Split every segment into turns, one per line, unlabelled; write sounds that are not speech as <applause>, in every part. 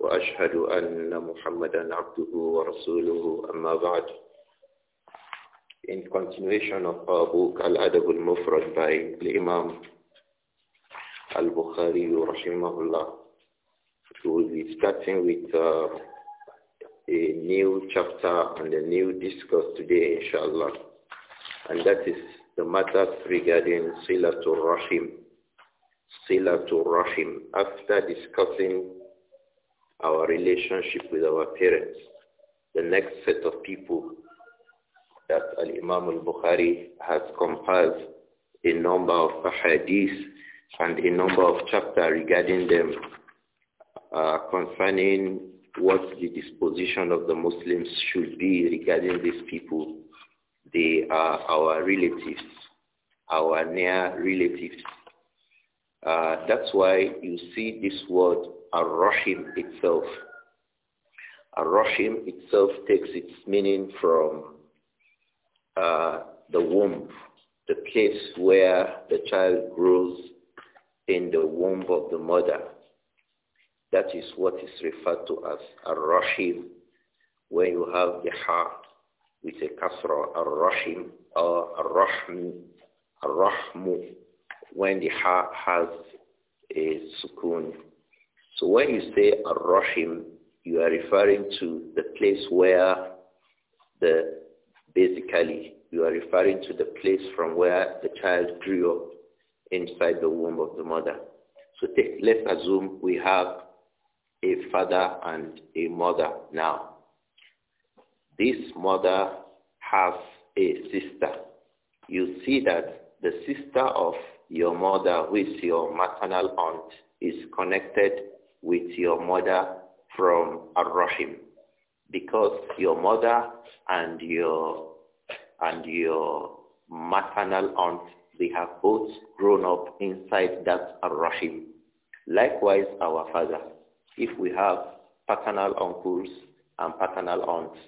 وأشهد أن محمدا عبده ورسوله أما بعد In continuation of our book Al-Adab al-Mufrad by Imam Al-Bukhari rahimahullah We will be starting with uh, a new chapter and a new discourse today inshallah and that is the matters regarding Silatul Rahim Silatul Rahim after discussing our relationship with our parents. The next set of people that Al-Imam al-Bukhari has compiled a number of hadiths and a number of chapters regarding them uh, concerning what the disposition of the Muslims should be regarding these people. They are our relatives, our near relatives. Uh, that's why you see this word Ar-Rahim itself. Ar-Rahim itself takes its meaning from uh, the womb, the place where the child grows in the womb of the mother. That is what is referred to as Ar-Rahim, where you have the heart with a kasra, Ar-Rahim or Ar-Rahmu, Ar-Rahmu, when the heart has a sukun so when you say Ar-Rahim, you are referring to the place where the, basically, you are referring to the place from where the child grew up inside the womb of the mother. So take, let's assume we have a father and a mother now. This mother has a sister. You see that the sister of your mother, who is your maternal aunt, is connected with your mother from Ar-Rahim because your mother and your and your maternal aunt they have both grown up inside that Ar-Rahim. Likewise our father. If we have paternal uncles and paternal aunts,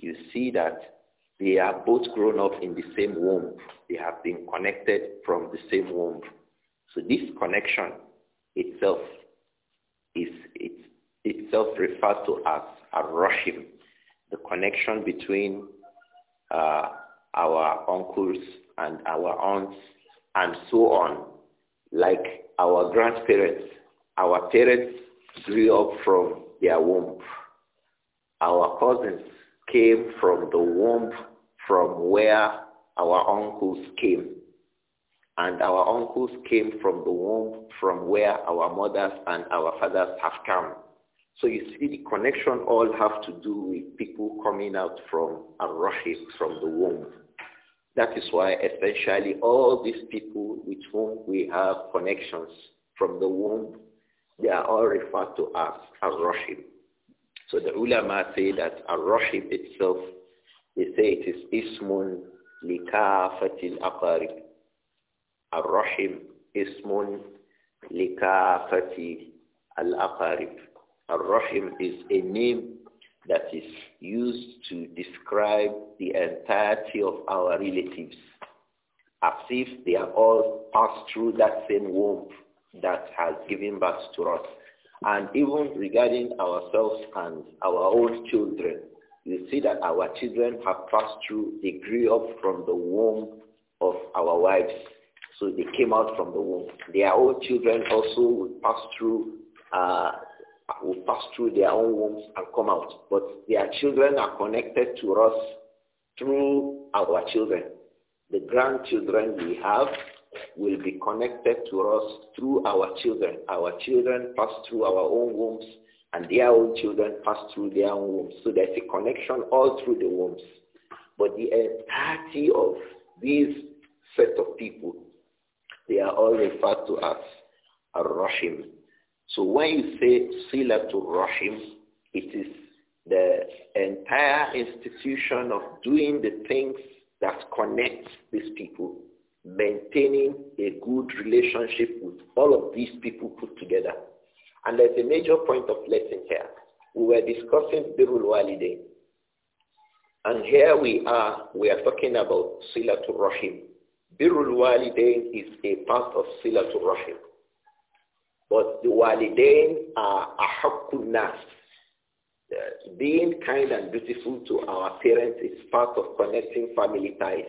you see that they are both grown up in the same womb. They have been connected from the same womb. So this connection itself is it, itself referred to as a rahim the connection between uh, our uncles and our aunts and so on, like our grandparents. Our parents grew up from their womb. Our cousins came from the womb from where our uncles came. And our uncles came from the womb from where our mothers and our fathers have come. So you see the connection all have to do with people coming out from Arrahim, from the womb. That is why essentially all these people with whom we have connections from the womb, they are all referred to as Arrahim. So the ulama say that Arrahim itself, they say it is Ismun Likafatil Aqarib. الرحم اسم لكافة الأقارب الرحم is a name that is used to describe the entirety of our relatives as if they are all passed through that same womb that has given birth to us. And even regarding ourselves and our own children, you see that our children have passed through, they grew up from the womb of our wives so they came out from the womb. Their own children also will pass through uh, will pass through their own wombs and come out. But their children are connected to us through our children. The grandchildren we have will be connected to us through our children. Our children pass through our own wombs and their own children pass through their own wombs. So there's a connection all through the wombs. But the entirety of these set of people they are all referred to as Ar-Rahim. So when you say Silatul Rahim, it is the entire institution of doing the things that connects these people, maintaining a good relationship with all of these people put together. And there's a major point of lesson here. We were discussing Birul Walidain. And here we are, we are talking about Silatul Rahim. Birrul Walidain is a part of Silatul Rahim. But the Walidain are Ahakul Nas. Being kind and dutiful to our parents is part of connecting family ties,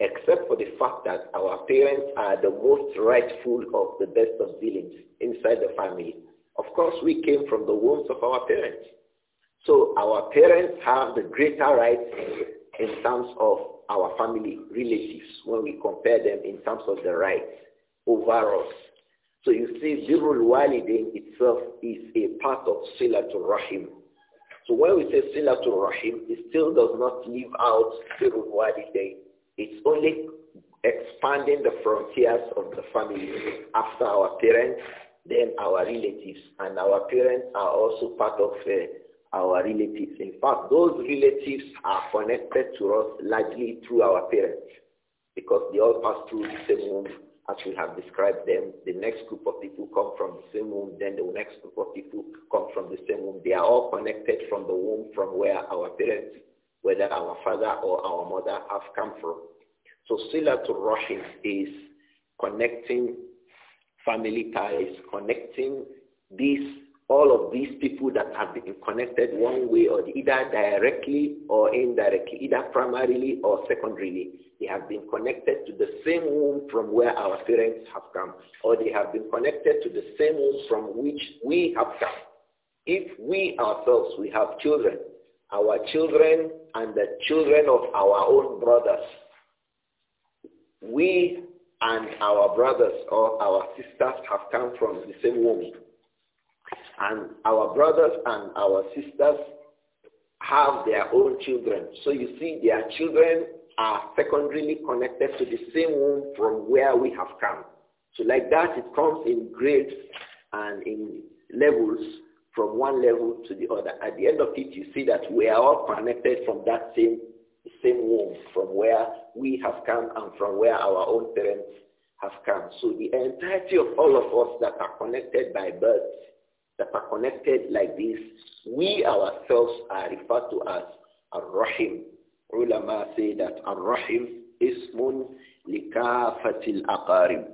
except for the fact that our parents are the most rightful of the best of dealings inside the family. Of course, we came from the wombs of our parents. So our parents have the greater rights in terms of our family, relatives, when we compare them in terms of the rights over us. So you see, Birul Walidain itself is a part of Silatul Rahim. So when we say Silatul Rahim, it still does not leave out Birul Walidain. It's only expanding the frontiers of the family after our parents, then our relatives. And our parents are also part of uh, our relatives. In fact, those relatives are connected to us largely through our parents because they all pass through the same womb as we have described them. The next group of people come from the same womb, then the next group of people come from the same womb. They are all connected from the womb from where our parents, whether our father or our mother, have come from. So similar to Rahim is connecting family ties, connecting these all of these people that have been connected one way or the, either directly or indirectly, either primarily or secondarily, they have been connected to the same womb from where our parents have come, or they have been connected to the same womb from which we have come. If we ourselves, we have children, our children and the children of our own brothers, we and our brothers or our sisters have come from the same womb. And our brothers and our sisters have their own children. So you see their children are secondarily connected to the same womb from where we have come. So like that, it comes in grades and in levels from one level to the other. At the end of it, you see that we are all connected from that same same womb, from where we have come and from where our own parents have come. So the entirety of all of us that are connected by birth that are connected like this, we ourselves are referred to as Ar-Rahim. Ulama say that Ar-Rahim is ismun likafatil aqarib.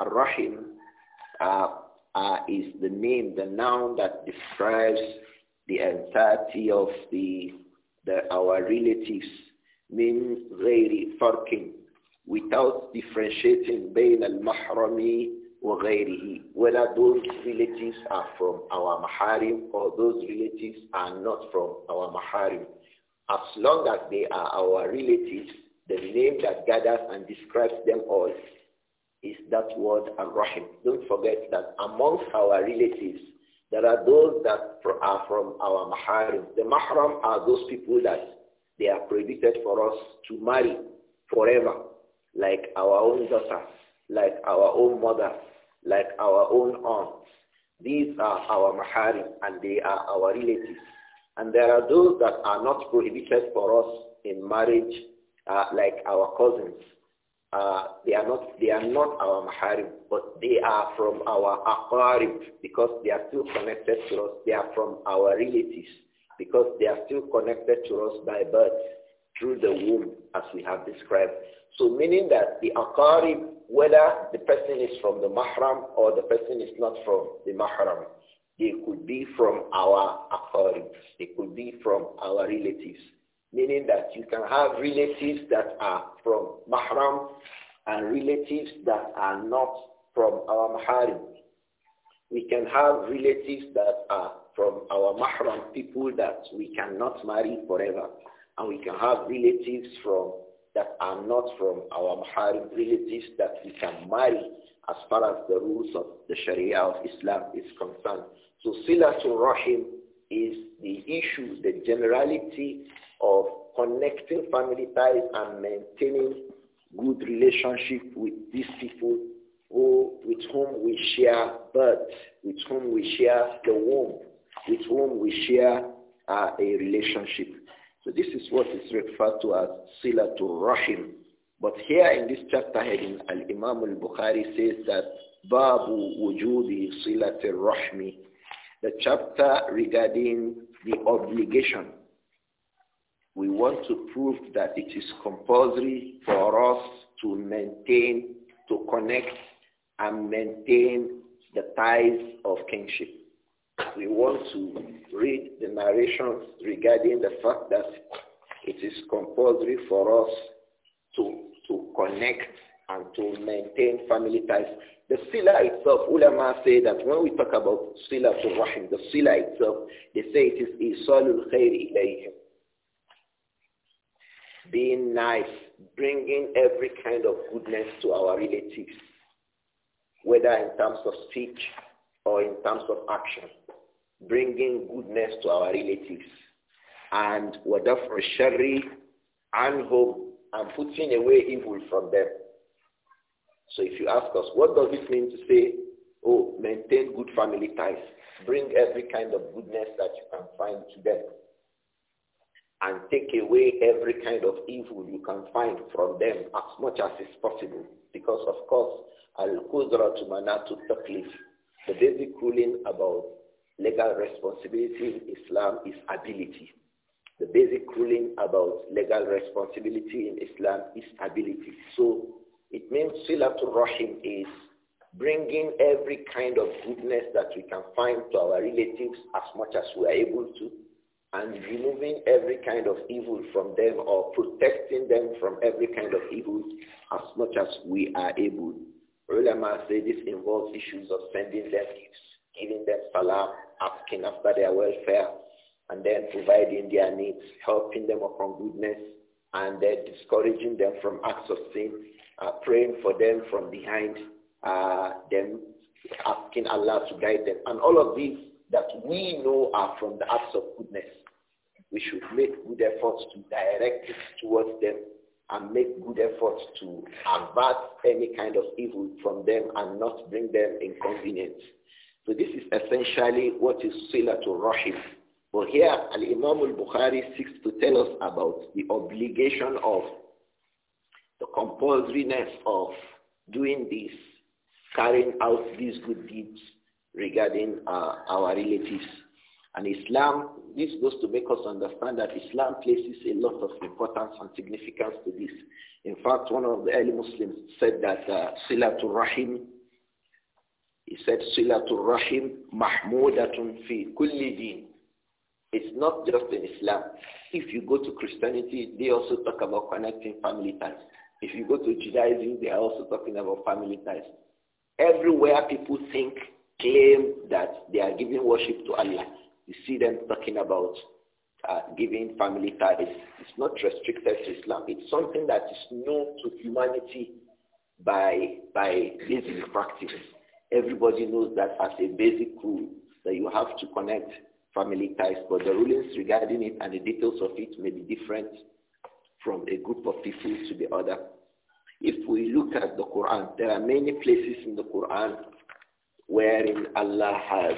Ar-Rahim uh, uh, is the name, the noun that describes the entirety of the, the our relatives min ghairi farkin without differentiating between al-mahrami وغيره, whether those relatives are from our maharim or those relatives are not from our maharim. As long as they are our relatives, the name that gathers and describes them all is that word Ar-Rahim. Don't forget that amongst our relatives, there are those that are from our maharim. The mahram are those people that they are prohibited for us to marry forever, like our own daughters, like our own mothers, like our own aunts. These are our maharim and they are our relatives. And there are those that are not prohibited for us in marriage, uh, like our cousins. Uh, they are not they are not our maharim, but they are from our aqarib because they are still connected to us. They are from our relatives because they are still connected to us by birth through the womb, as we have described. So meaning that the aqarib, whether the person is from the mahram or the person is not from the mahram, they could be from our aqarib. They could be from our relatives. Meaning that you can have relatives that are from mahram and relatives that are not from our mahram. We can have relatives that are from our mahram, people that we cannot marry forever. And we can have relatives from that are not from our Muharib relatives that we can marry as far as the rules of the Sharia of Islam is concerned. So Silatul Rahim is the issue, the generality of connecting family ties and maintaining good relationship with these people who, with whom we share birth, with whom we share the womb, with whom we share uh, a relationship. So this is what is referred to as silatul rahim. But here in this chapter heading, Al-Imam al-Bukhari says that Babu wujudi silatul rahmi. The chapter regarding the obligation. We want to prove that it is compulsory for us to maintain, to connect and maintain the ties of kingship we want to read the narrations regarding the fact that it is compulsory for us to, to connect and to maintain family ties. The sila itself, ulama say that when we talk about sila to rahim, the sila itself, they say it is isalul khair ilayhim. Being nice, bringing every kind of goodness to our relatives, whether in terms of speech or in terms of action bringing goodness to our relatives and wadafru and hope, and putting away evil from them. So if you ask us, what does it mean to say, oh, maintain good family ties, bring every kind of goodness that you can find to them, and take away every kind of evil you can find from them as much as is possible. Because of course, al-qudratu manatu taklif, the basic ruling about Legal responsibility in Islam is ability. The basic ruling about legal responsibility in Islam is ability. So it means Silatul Rahim is bringing every kind of goodness that we can find to our relatives as much as we are able to and removing every kind of evil from them or protecting them from every kind of evil as much as we are able. Ulama say this involves issues of sending them gifts, giving them salam, asking after their welfare, and then providing their needs, helping them upon goodness, and then discouraging them from acts of sin, uh, praying for them from behind uh, them, asking Allah to guide them. And all of these that we know are from the acts of goodness. We should make good efforts to direct it towards them and make good efforts to avert any kind of evil from them and not bring them inconvenience. So this is essentially what is Silatul Rahim. But here, Al-Imam al-Bukhari seeks to tell us about the obligation of the compulsoriness of doing this, carrying out these good deeds regarding uh, our relatives. And Islam, this goes to make us understand that Islam places a lot of importance and significance to this. In fact, one of the early Muslims said that uh, Silatul Rahim he said, Silatul Rahim Mahmudatun fi kulli deen. It's not just in Islam. If you go to Christianity, they also talk about connecting family ties. If you go to Judaism, they are also talking about family ties. Everywhere people think, claim that they are giving worship to Allah, you see them talking about uh, giving family ties. It's not restricted to Islam. It's something that is known to humanity by, by basic practice. Everybody knows that as a basic rule that you have to connect family ties, but the rulings regarding it and the details of it may be different from a group of people to the other. If we look at the Quran, there are many places in the Quran wherein Allah has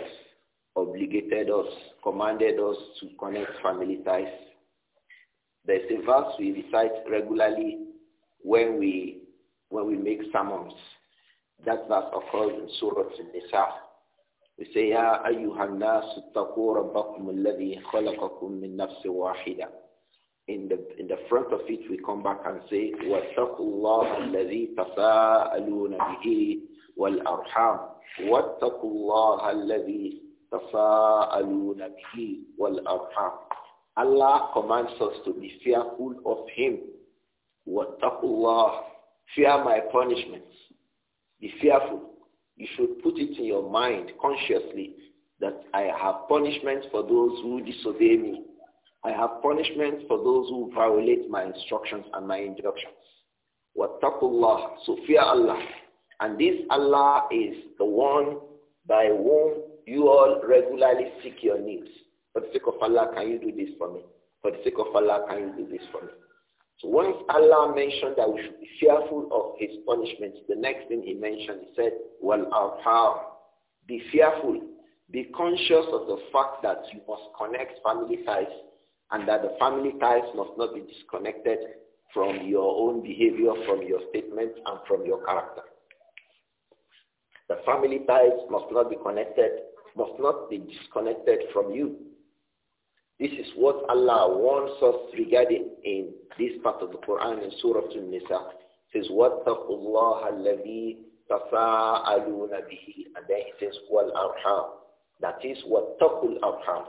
obligated us, commanded us to connect family ties. There's a verse we recite regularly when we when we make sermons that verse occurs in Surah Al-Nisa. We say, Ya ayyuhan nasu taqoo rabbakum alladhi khalaqakum min nafsin wahida. In the, in the front of it, we come back and say, Allah, وَاتَّقُوا اللَّهَ الَّذِي تَسَاءَلُونَ بِهِ وَالْأَرْحَامِ وَاتَّقُوا اللَّهَ الَّذِي bihi wal-arham? Allah commands us to be fearful of Him. وَاتَّقُوا Allah? Fear my punishments. Be fearful. You should put it in your mind consciously that I have punishment for those who disobey me. I have punishment for those who violate my instructions and my injunctions. Wattaqullah, so fear Allah. And this Allah is the one by whom you all regularly seek your needs. For the sake of Allah, can you do this for me? For the sake of Allah, can you do this for me? So once Allah mentioned that we should be fearful of his punishments, the next thing he mentioned, he said, well, arham, be fearful, be conscious of the fact that you must connect family ties and that the family ties must not be disconnected from your own behavior, from your statements, and from your character. The family ties must not be connected, must not be disconnected from you. This is what Allah warns us regarding in this part of the Quran in Surah Al-Nisa. It says, وَاتَّقُوا اللَّهَ الَّذِي تَسَاءَلُونَ بِهِ And then it says, وَالْأَرْحَامِ That is, وَاتَّقُوا الْأَرْحَامِ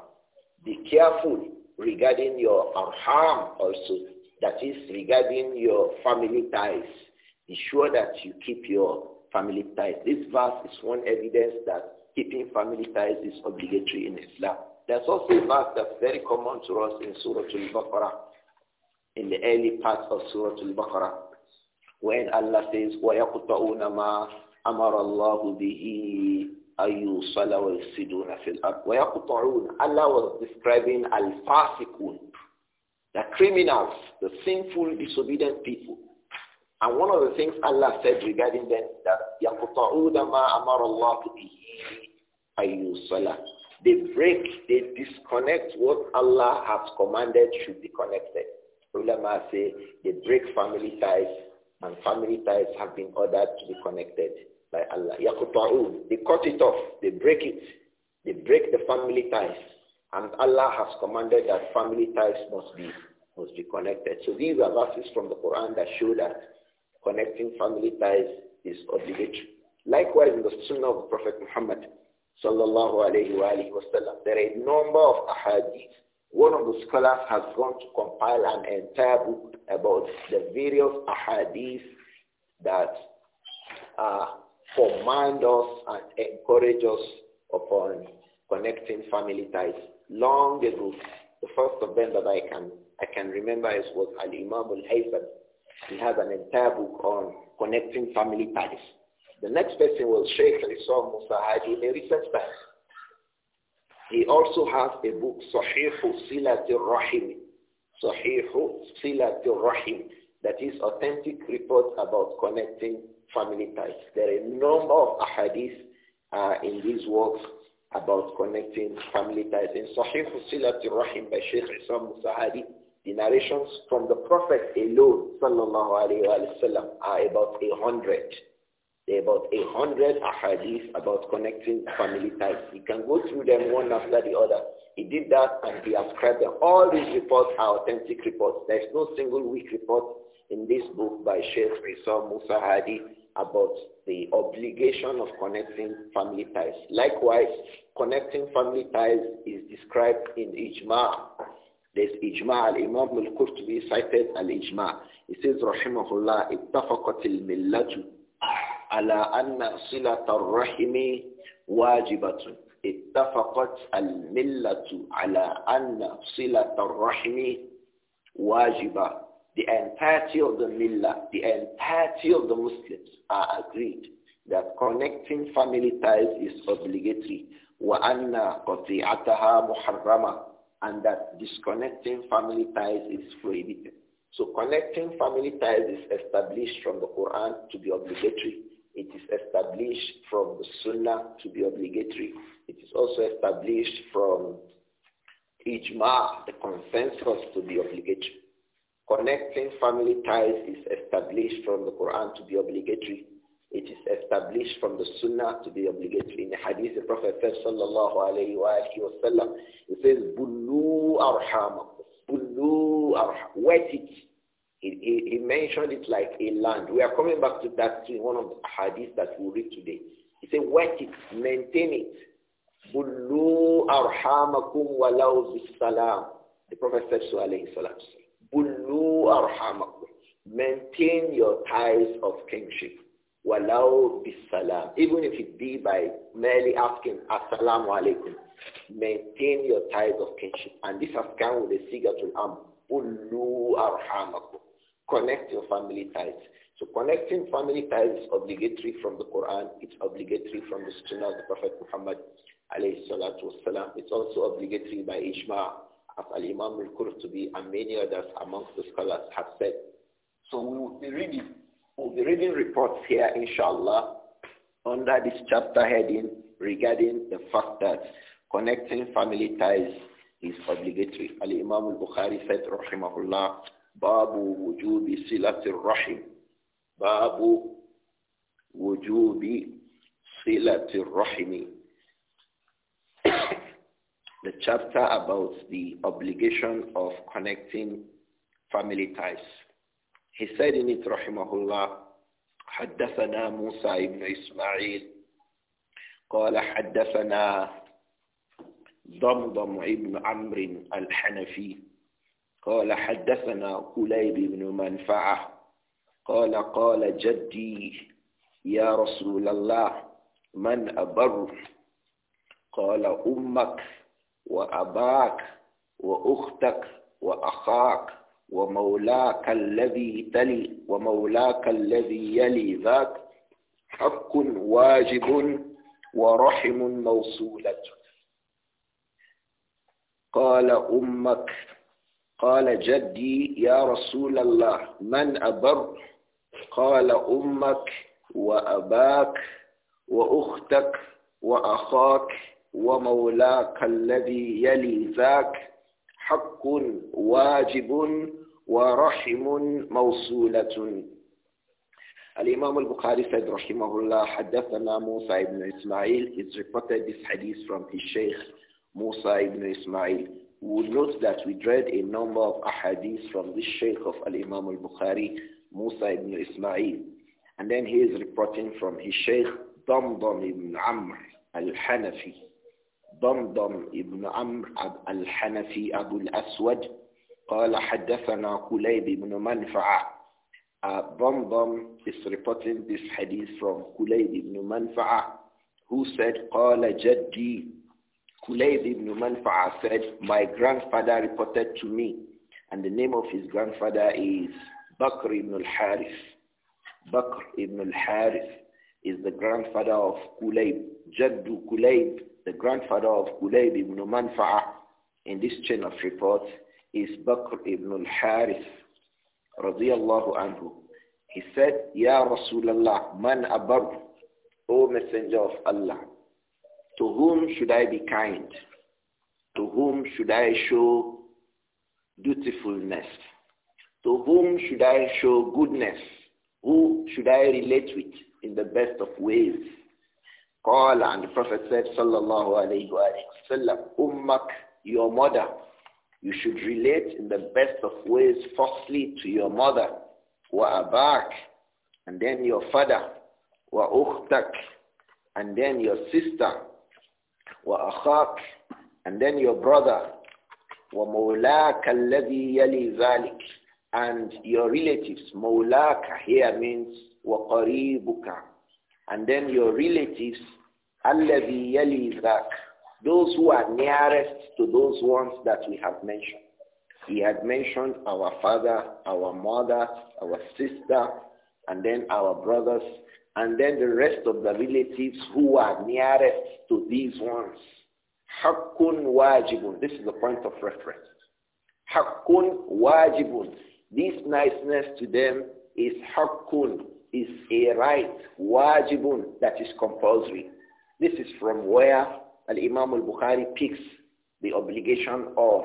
Be careful regarding your arham also. That is, regarding your family ties. Be sure that you keep your family ties. This verse is one evidence that keeping family ties is obligatory in Islam. There's also a verse that's very common to us in Surah Al-Baqarah, in the early parts of Surah Al-Baqarah, when Allah says, وَيَقْطَعُونَ مَا أَمَرَ اللَّهُ بِهِ أَيُّصَلَ وَيُفْسِدُونَ فِي الْأَرْضِ وَيَقْطَعُونَ Allah was describing al-fasiqun, the criminals, the sinful, disobedient people. And one of the things Allah said regarding them that يَقْطَعُونَ مَا أَمَرَ اللَّهُ بِهِ أَيُّصَلَ they break, they disconnect what Allah has commanded should be connected. Ulama say they break family ties and family ties have been ordered to be connected by Allah. Yaquta'un, they cut it off, they break it. They break the family ties. And Allah has commanded that family ties must be must be connected. So these are verses from the Quran that show that connecting family ties is obligatory. Likewise, in the Sunnah of Prophet Muhammad, sallallahu alayhi wa alayhi wasallam. There are a number of ahadith. One of the scholars has gone to compile an entire book about the various ahadith that uh, command us and encourage us upon connecting family ties. Long ago, the first of them that I can I can remember is was Al Imam Al Haytham. He has an entire book on connecting family ties. The next person was Sheikh Isam Musa Hadi in a He also has a book, Sahihu Silatul Rahim. Sahihu Silatul Rahim. That is authentic reports about connecting family ties. There are a number of ahadith uh, in these works about connecting family ties. In Sahih Silatul Rahim by Sheikh Isam Musa Hadi, the narrations from the Prophet alone, sallallahu alayhi wa sallam, are about a hundred. There are about a hundred ahadith about connecting family ties. You can go through them one after the other. He did that and he ascribed them. All these reports are authentic reports. There's no single weak report in this book by Sheikh Isa Musa Hadi about the obligation of connecting family ties. Likewise, connecting family ties is described in Ijma. There's Ijma al-Imam al-Qurtubi cited al-Ijma. He says, Rahimahullah, ittafaqat al على أن صلة الرحم واجبة اتفقت الملة على أن صلة الرحم واجبة The entirety of the millah, the entirety of the Muslims are agreed that connecting family ties is obligatory. وَأَنَّ And that disconnecting family ties is prohibited. So connecting family ties is established from the Quran to be obligatory. It is established from the sunnah to be obligatory. It is also established from ijma, the consensus to be obligatory. Connecting family ties is established from the Quran to be obligatory. It is established from the Sunnah to be obligatory. In the Hadith, the Prophet said, Sallallahu Alaihi Wasallam, he says, Bulu arhamakum. Bulu arham. Wet it. He, he, mentioned it like a land. We are coming back to that in one of the hadith that we read today. He said, wet it, maintain it. Bullu arhamakum walau bisalam. The Prophet said so, alayhi salam. arhamakum. Maintain your ties of kinship. Walau Even if it be by merely asking, assalamu alaikum. Maintain your ties of kinship. And this has come with the sigatul am. Bullu arhamakum connect your family ties. So connecting family ties is obligatory from the Quran. It's obligatory from the Sunnah of the Prophet Muhammad alayhi salatu wasalam. It's also obligatory by Ijma, as Al-Imam al-Qurtubi and many others amongst the scholars have said. So we will be reading, we'll be reading reports here, inshallah, under this chapter heading regarding the fact that connecting family ties is obligatory. Al-Imam al-Bukhari said, rahimahullah, باب وجوب صلة الرحم باب وجوب صلة الرحم <coughs> The chapter about the obligation of connecting family ties. He said in it, rahimahullah, حدثنا موسى بن إسماعيل قال حدثنا ضمضم ابن عمرو الحنفي قال حدثنا كليب بن منفعة قال قال جدي يا رسول الله من أبر قال أمك وأباك وأختك وأخاك ومولاك الذي تلي ومولاك الذي يلي ذاك حق واجب ورحم موصولة قال أمك قال جدي يا رسول الله من أبر قال أمك وأباك وأختك وأخاك ومولاك الذي يلي ذاك حق واجب ورحم موصولة الإمام البخاري said رحمه الله حدثنا موسى بن إسماعيل is reported this hadith from his sheikh موسى ibn Ismail We note that we read a number of ahadith from this Shaykh of Al-Imam al-Bukhari, Musa ibn Ismail. And then he is reporting from his Shaykh, Damdam ibn Amr al-Hanafi. Damdam ibn Amr al-Hanafi Abu al-Aswad, قال حدثنا كليب بن منفعه uh, Bambam is reporting this hadith from Kulayb ibn Manfa'a, who said, قال جدي Kulayd ibn Manfa'a said, my grandfather reported to me, and the name of his grandfather is Bakr ibn al-Harith. Bakr ibn al-Harith is the grandfather of Kulayb, Jaddu Kulayb, the grandfather of Kulayb ibn Manfa'a. In this chain of reports is Bakr ibn al-Harith, radiyallahu anhu. He said, Ya Rasulallah, man abar, O Messenger of Allah, to whom should I be kind? To whom should I show dutifulness? To whom should I show goodness? Who should I relate with in the best of ways? Call and the Prophet said, Sallallahu alayhi Wasallam, Ummak, your mother. You should relate in the best of ways firstly to your mother, wa abak, and then your father, wa ukhtak, and then your sister, وأخاك and then your brother ومولاك الذي يلي ذلك and your relatives مولاك here means وقريبك and then your relatives الذي يلي ذاك those who are nearest to those ones that we have mentioned he had mentioned our father, our mother, our sister, and then our brothers and then the rest of the relatives who are nearest to these ones. Hakun wajibun. This is the point of reference. Hakun wajibun. This niceness to them is hakun, is a right, wajibun, that is compulsory. This is from where Al-Imam al-Bukhari picks the obligation of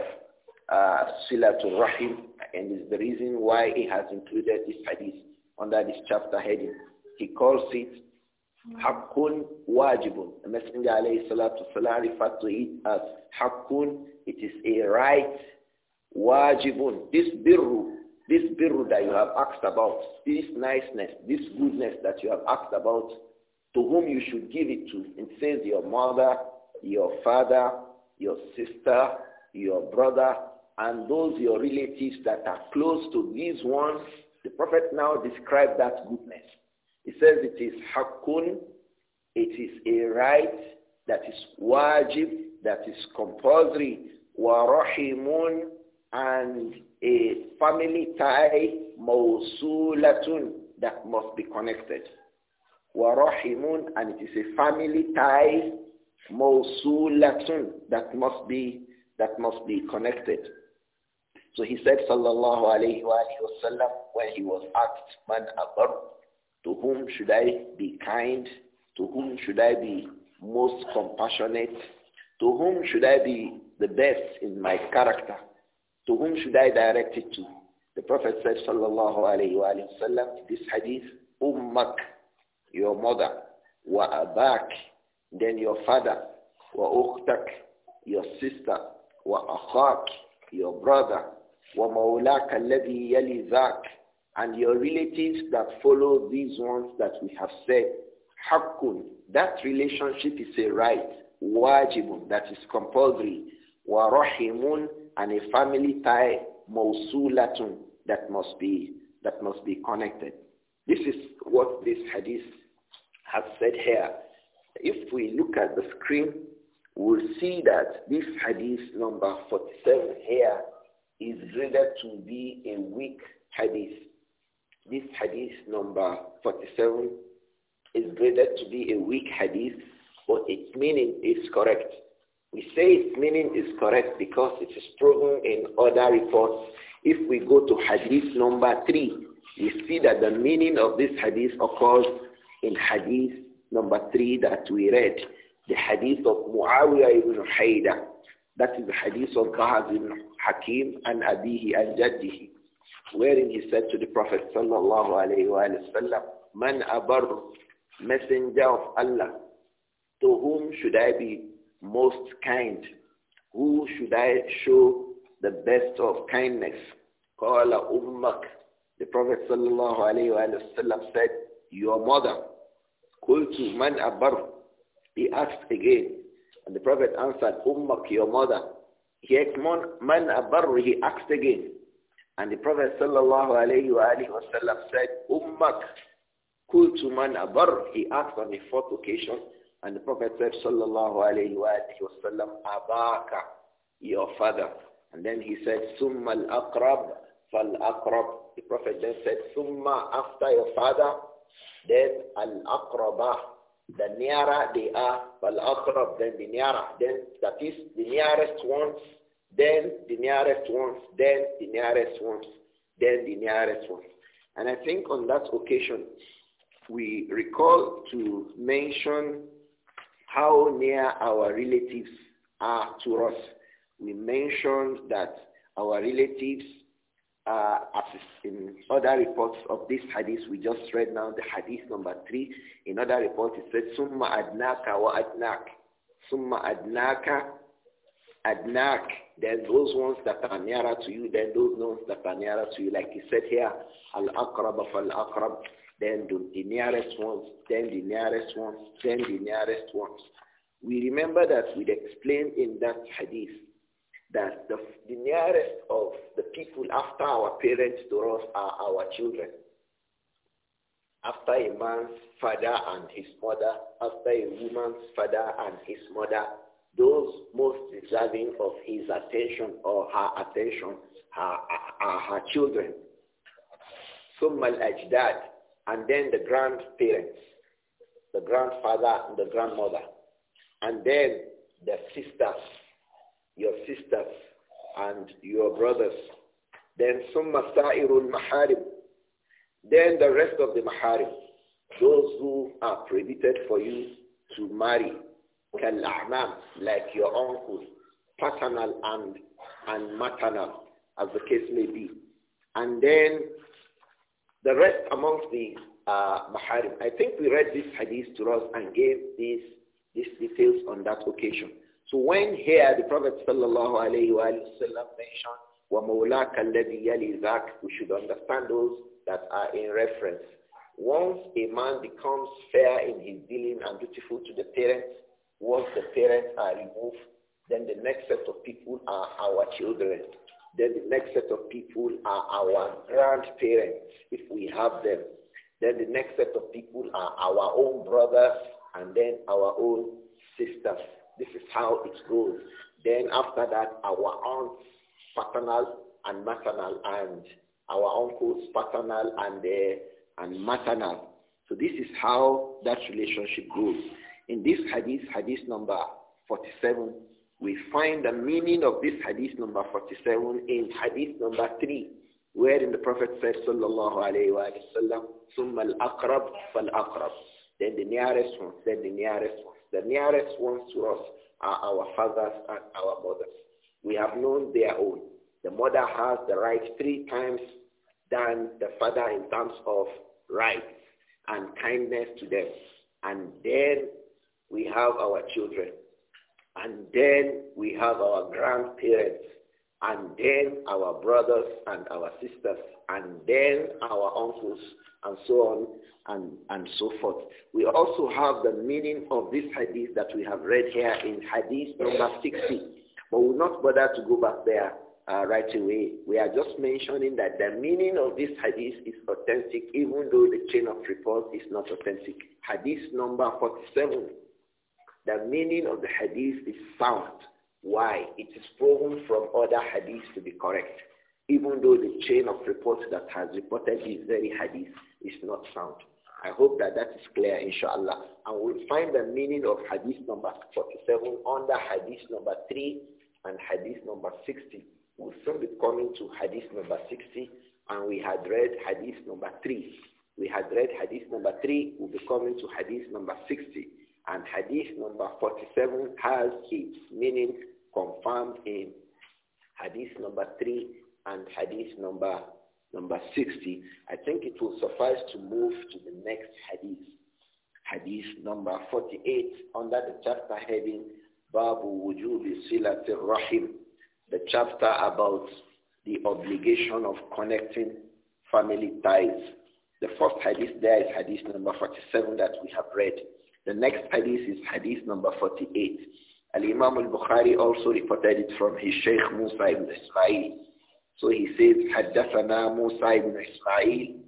uh, Silatul Rahim and is the reason why he has included this hadith under this chapter heading. He calls it Hakun Wajibun. The Messenger alayhi salatu salam referred to it as Hakun. It is a right Wajibun. This birru, this birru that you have asked about, this niceness, this goodness that you have asked about, to whom you should give it to. It says your mother, your father, your sister, your brother, and those your relatives that are close to these ones. The Prophet now described that goodness. He says it is hakun, it is a right that is wajib, that is compulsory, wa rahimun, and a family tie mawsulatun that must be connected. Wa rahimun, and it is a family tie mawsulatun that must be that must be connected. So he said, sallallahu alayhi wa, sallam, when he was asked, man abaru, to whom should I be kind? To whom should I be most compassionate? To whom should I be the best in my character? To whom should I direct it to? The Prophet said, sallallahu alayhi wa sallam, this hadith, ummak, your mother, wa abak, then your father, wa ukhtak, your sister, wa akhak, your brother, wa maulak alladhi yali and your relatives that follow these ones that we have said, hakun, that relationship is a right, wajibun, that is compulsory, Warahimun, and a family tie, mawsulatun, that must be, that must be connected. This is what this hadith has said here. If we look at the screen, we'll see that this hadith number 47 here is rather to be a weak hadith this hadith number 47 is graded to be a weak hadith, but its meaning is correct. We say its meaning is correct because it is proven in other reports. If we go to hadith number 3, we see that the meaning of this hadith occurs in hadith number 3 that we read, the hadith of Muawiyah ibn Haida. That is the hadith of Qasim ibn Hakim and Abihi and Jaddihi wherein he said to the Prophet sallallahu alayhi wa sallam, Man abar, messenger of Allah, to whom should I be most kind? Who should I show the best of kindness? Qala ummak. The Prophet sallallahu alayhi wa sallam said, your mother. to man abar. He asked again. And the Prophet answered, ummak, your mother. He asked, man abar. He asked again. And the Prophet sallallahu alayhi wa said, Ummak kultuman abar. He asked on the fourth occasion, and the Prophet said, sallallahu alayhi wa sallam, abaka, your father. And then he said, summa al-aqrab, fal-aqrab. The Prophet then said, summa after your father, then al-aqrabah. The nearer they are, fal-aqrab, then the nearer. Then that is the nearest ones then the nearest ones, then the nearest ones, then the nearest ones. And I think on that occasion, we recall to mention how near our relatives are to us. We mentioned that our relatives, uh, as in other reports of this hadith we just read now, the hadith number three, in other reports it says, Summa adnaka wa adnak. Summa adnaka adnak, then those ones that are nearer to you, then those ones that are nearer to you. Like he said here, al-aqrab al aqrab then the, nearest ones, then the nearest ones, then the nearest ones. We remember that we explained in that hadith that the, the nearest of the people after our parents to us are our children. After a man's father and his mother, after a woman's father and his mother, those most deserving of his attention or her attention are, her are her children. ثم that, and then the grandparents, the grandfather and the grandmother, and then the sisters, your sisters and your brothers, then some سائر maharim, then the rest of the maharim, those who are prohibited for you to marry kal'amam, like your uncles, paternal and, and maternal, as the case may be. And then the rest amongst the uh, maharim. I think we read this hadith to us and gave these, these details on that occasion. So when here the Prophet sallallahu alayhi wa mentioned وَمَوْلَاكَ الَّذِي يَلِي ذَاكَ We should understand those that are in reference. Once a man becomes fair in his dealing and dutiful to the parents, once the parents are removed, then the next set of people are our children. Then the next set of people are our grandparents, if we have them. Then the next set of people are our own brothers and then our own sisters. This is how it goes. Then after that, our aunts, paternal and maternal, and our uncles, paternal and, uh, and maternal. So this is how that relationship goes. In this hadith, hadith number 47, we find the meaning of this hadith number 47 in hadith number 3, wherein the Prophet said, sallallahu alayhi wa sallam, ثُمَّ Fal فَالْأَقْرَبُ Then the nearest ones, then the nearest ones. The nearest ones to us are our fathers and our mothers. We have known their own. The mother has the right three times than the father in terms of rights and kindness to them. And then we have our children, and then we have our grandparents, and then our brothers and our sisters, and then our uncles, and so on and, and so forth. We also have the meaning of this hadith that we have read here in hadith number 60, but we'll not bother to go back there uh, right away. We are just mentioning that the meaning of this hadith is authentic, even though the chain of report is not authentic. Hadith number 47 the meaning of the hadith is sound. Why? It is proven from other hadiths to be correct, even though the chain of reports that has reported this very hadith is not sound. I hope that that is clear, inshallah. And we'll find the meaning of hadith number 47 under hadith number 3 and hadith number 60. We'll soon be coming to hadith number 60, and we had read hadith number 3. We had read hadith number 3. We'll be coming to hadith number 60. And hadith number 47 has its meaning confirmed in hadith number 3 and hadith number number 60. I think it will suffice to move to the next hadith. Hadith number 48 under the chapter heading Babu Wujubi Silatir Rahim. The chapter about the obligation of connecting family ties. The first hadith there is hadith number 47 that we have read. The next hadith is hadith number 48. Al-Imam al-Bukhari also reported it from his Sheikh Musa ibn Ismail. So he says, حدثنا موسى ibn Ismail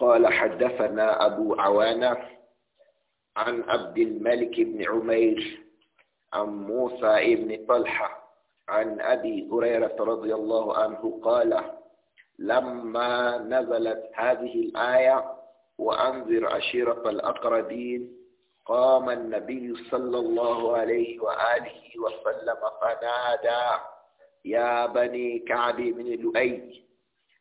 قال حدثنا أبو عوانة عن عبد الملك بن عمير عن موسى بن طلحة عن أبي هريرة رضي الله عنه قال لما نزلت هذه الآية وأنذر عشيرة الأقربين قام النبي صلى الله عليه وآله وسلم فنادى يا بني كعب بن لؤي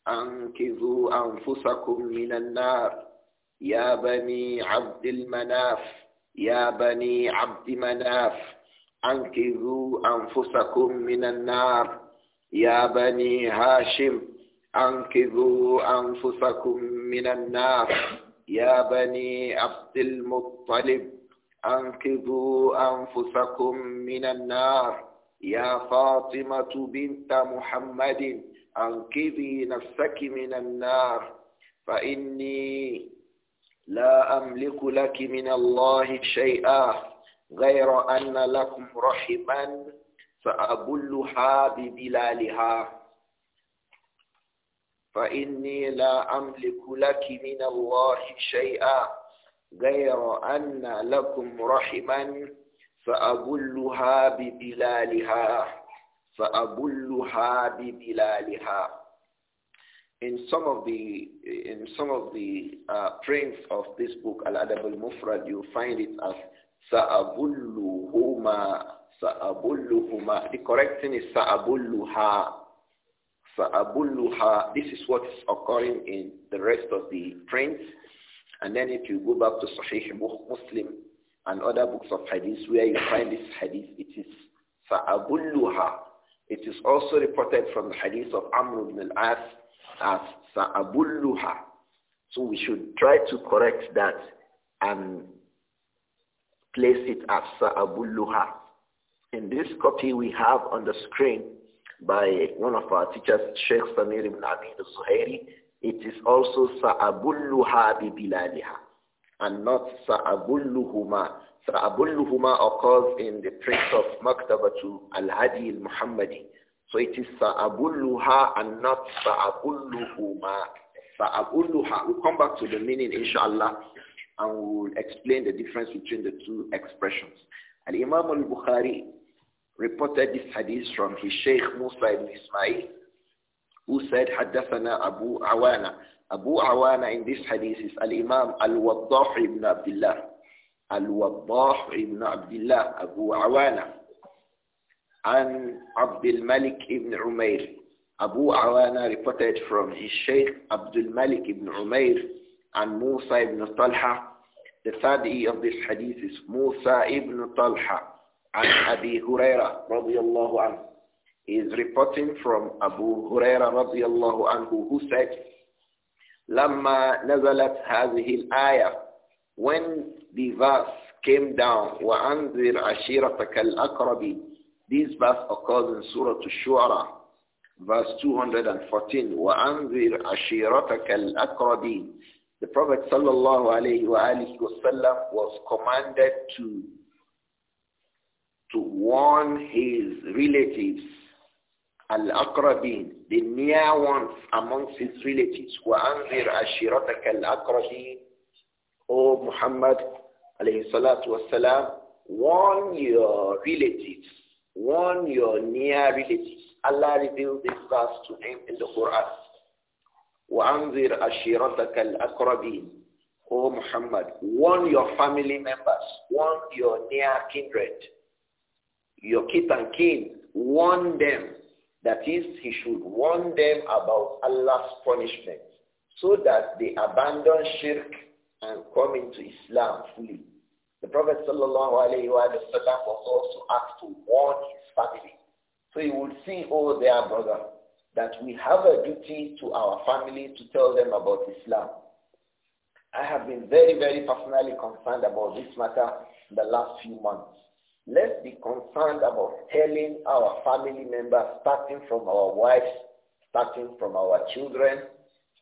أنقذوا أنفسكم من النار يا بني عبد المناف يا بني عبد مناف أنقذوا أنفسكم من النار يا بني هاشم أنقذوا أنفسكم من النار يا بني عبد المطلب أنقذوا أنفسكم من النار يا فاطمة بنت محمد أنقذي نفسك من النار فإني لا أملك لك من الله شيئا غير أن لكم رحما فأبلها ببلالها فإني لا أملك لك من الله شيئا غير أن لكم رحما فأبلها ببلالها فأبلها ببلالها In some of the in some of the uh, prints of this book Al-Adab al-Mufrad you find it as Sa'abulluhuma Sa'abulluhuma The correct thing is Sa'abulluha Sa'abulluha This is what is occurring in the rest of the prints and then if you go back to Sahih Muslim and other books of hadith where you find this hadith, it is Sa'abulluha. It is also reported from the hadith of Amr ibn al-As as Sa'abulluha. So we should try to correct that and place it as Sa'abulluha. In this copy we have on the screen by one of our teachers, Sheikh Samir ibn Amin al-Zuhairi, it is also sa'abulluha bi biladiha and not sa'abulluhuma. Sa'abulluhuma occurs in the print of Maktabatu al-Hadi al-Muhammadi. So it is sa'abulluha and not sa'abulluhuma. Sa'abulluha. We'll come back to the meaning inshallah and we'll explain the difference between the two expressions. Al-Imam al-Bukhari reported this hadith from his Sheikh Musa ibn Ismail who said حدثنا أبو عوانة Abu Awana in this hadith is Al-Imam Al-Waddah ibn Abdullah. Al-Waddah ibn Abdullah, Abu Awana. And Abdul Malik ibn Umair. Abu Awana reported from the sheikh Abdul Malik ibn Umair and Musa ibn Talha. The third of this hadith is Musa ibn Talha and Abi Huraira radiallahu anhu is reporting from Abu Huraira radiallahu anhu who said, لما نزلت هذه الآية when the verse came down وأنذر عشيرتك الأقرب this verse occurs in Surah Al-Shu'ara verse 214 وأنذر عشيرتك الأقرب the Prophet sallallahu alayhi wa alihi wasallam was commanded to to warn his relatives al the near ones amongst his relatives. وَأَنْذِرْ أَشِيرَتَكَ الْأَقْرَبِينَ O Muhammad, عليه salatu wasalam, warn your relatives, warn your near relatives. Allah revealed this verse to him in the Quran. وَأَنْذِرْ أَشِيرَتَكَ الْأَقْرَبِينَ O Muhammad, warn your family members, warn your near kindred, your kith and kin, warn them that is, he should warn them about Allah's punishment so that they abandon shirk and come into Islam fully. The Prophet sallallahu alayhi wa sallam was also asked to warn his family. So you will see, oh their brother, that we have a duty to our family to tell them about Islam. I have been very, very personally concerned about this matter in the last few months. Let's be concerned about telling our family members, starting from our wives, starting from our children,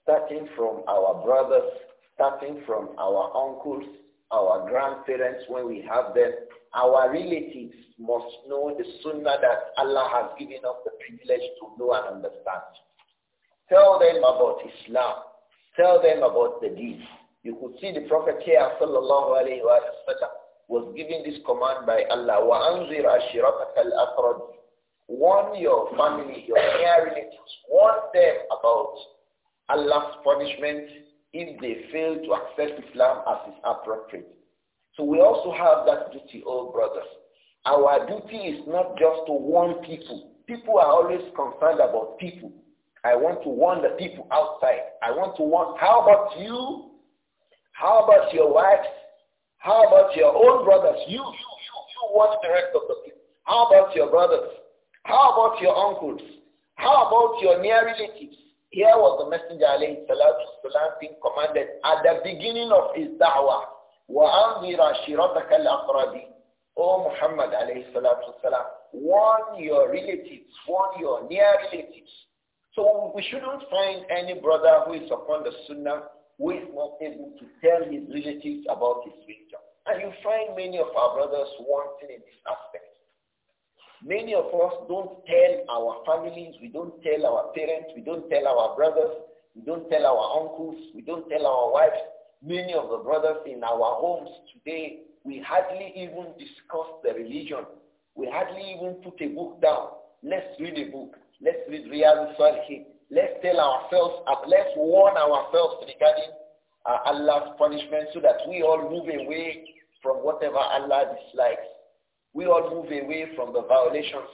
starting from our brothers, starting from our uncles, our grandparents when we have them. Our relatives must know the sunnah that Allah has given us the privilege to know and understand. Tell them about Islam. Tell them about the deeds. You could see the Prophet here, sallallahu alayhi wa sallam, was given this command by Allah, وَأَنْزِرْ أَشِرَتَكَ الْأَقْرَبِ Warn your family, your near relatives, warn them about Allah's punishment if they fail to accept Islam as is appropriate. So we also have that duty, oh brothers. Our duty is not just to warn people. People are always concerned about people. I want to warn the people outside. I want to warn, how about you? How about your wives? How about your own brothers? You, you, you, you watch the rest of the people. How about your brothers? How about your uncles? How about your near relatives? Here was the Messenger alayhi salatu salam being commanded at the beginning of his da'wah. وَأَنْذِرَ شِرَطَكَ الْأَقْرَبِينَ O Muhammad alayhi salatu salam, warn your relatives, warn your near relatives. So we shouldn't find any brother who is upon the sunnah who is not able to tell his relatives about his religion. And you find many of our brothers wanting in this aspect. Many of us don't tell our families, we don't tell our parents, we don't tell our brothers, we don't tell our uncles, we don't tell our wives. Many of the brothers in our homes today, we hardly even discuss the religion. We hardly even put a book down. Let's read a book. Let's read Riyadh Salihin. Let's tell ourselves up. Uh, let's warn ourselves regarding uh, Allah's punishment so that we all move away from whatever Allah dislikes. We all move away from the violations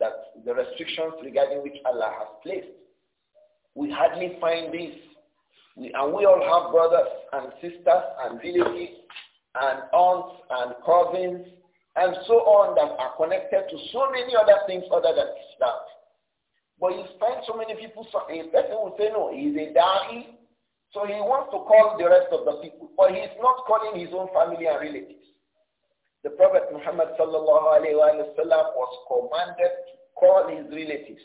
that the restrictions regarding which Allah has placed. We hardly find this. We, and we all have brothers and sisters and relatives and aunts and cousins and so on that are connected to so many other things other than Islam. But he spent so many people, so a person will say, no, he's a dahi. So he wants to call the rest of the people, but he's not calling his own family and relatives. The Prophet Muhammad sallallahu alayhi wa was commanded to call his relatives.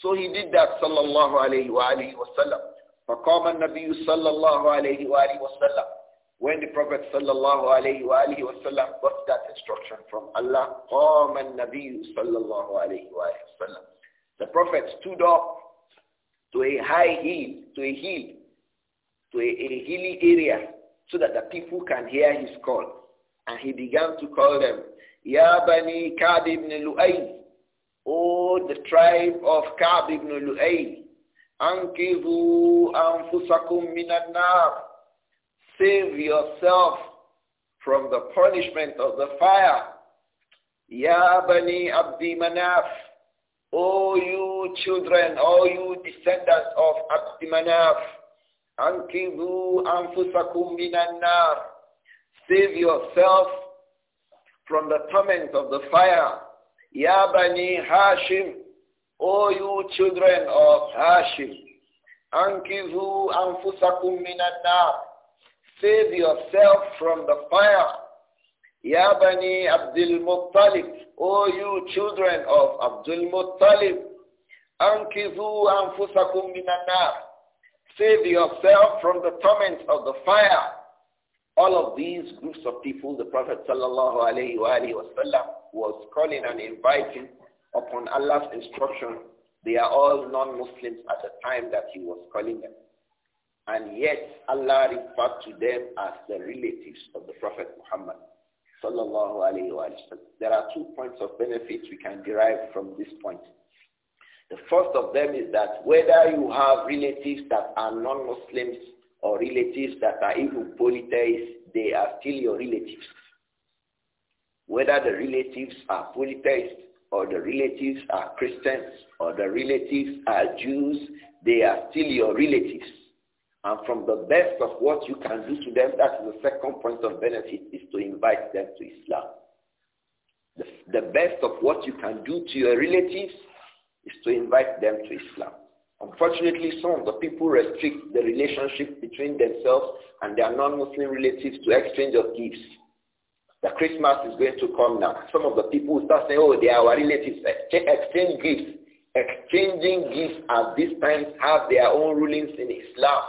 So he did that sallallahu alayhi wa alayhi wa sallam. فقام النبي صلى الله عليه وآله وسلم when the Prophet sallallahu alayhi wa alihi got that instruction from Allah, قَامَ النَّبِيُّ sallallahu alayhi wa sallam. The Prophet stood up to a high hill, to a hill, to a, a hilly area, so that the people can hear his call. And he began to call them, Ya Bani Ka'b ibn Lu'ay, O the tribe of Ka'b ibn Lu'ay, Ankivu anfusakum minan save yourself from the punishment of the fire. Ya Bani Abdi Manaf, O you children, O you descendants of Abdimanaf, Ankidu Anfusakum Minanar, save yourself from the torment of the fire. Ya Bani Hashim, O you children of Hashim, Ankidu Anfusakum Minanar, save yourself from the fire. Ya Bani Abdul Muttalib, O you children of Abdul Muttalib, Ankizu anfusakum minanar. Save yourself from the torment of the fire. All of these groups of people, the Prophet sallallahu alayhi wasallam was calling and inviting upon Allah's instruction. They are all non-Muslims at the time that he was calling them. And yet Allah referred to them as the relatives of the Prophet Muhammad there are two points of benefit we can derive from this point. The first of them is that whether you have relatives that are non-Muslims or relatives that are even polytheists, they are still your relatives. Whether the relatives are polytheists or the relatives are Christians or the relatives are Jews, they are still your relatives. And from the best of what you can do to them, that's the second point of benefit, is to invite them to Islam. The, the best of what you can do to your relatives is to invite them to Islam. Unfortunately, some of the people restrict the relationship between themselves and their non-Muslim relatives to exchange of gifts. The Christmas is going to come now. Some of the people start saying, oh, they are our relatives. Exchange gifts. Exchanging gifts at this time have their own rulings in Islam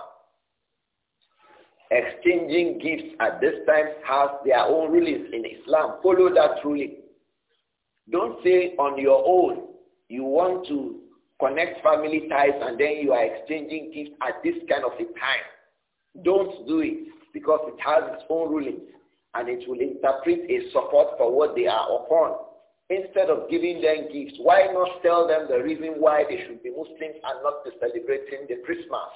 exchanging gifts at this time has their own rulings in Islam. Follow that ruling. Don't say on your own you want to connect family ties and then you are exchanging gifts at this kind of a time. Don't do it because it has its own rulings and it will interpret a support for what they are upon. Instead of giving them gifts, why not tell them the reason why they should be Muslims and not be celebrating the Christmas?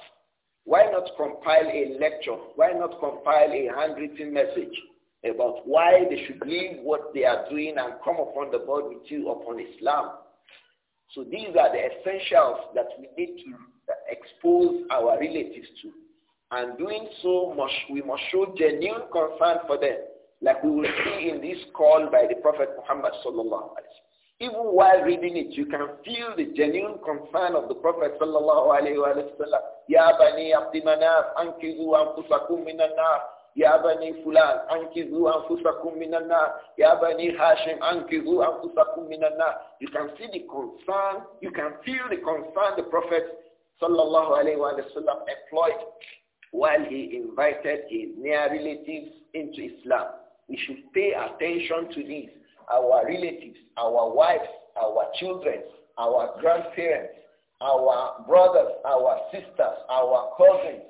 Why not compile a lecture? Why not compile a handwritten message about why they should leave what they are doing and come upon the board with you upon Islam? So these are the essentials that we need to expose our relatives to. And doing so, must, we must show genuine concern for them, like we will see in this call by the Prophet Muhammad sallallahu alaihi Even while reading it, you can feel the genuine concern of the Prophet sallallahu alaihi wasallam يا بني عبد مناف أنقذوا أنفسكم من النار يا بني فلان أنقذوا أنفسكم من النار يا بني هاشم أنقذوا أنفسكم من النار You can see the concern, you can feel the concern the Prophet sallallahu alaihi wa sallam employed while he invited his near relatives into Islam. We should pay attention to these, our relatives, our wives, our children, our grandparents, our brothers, our sisters, our cousins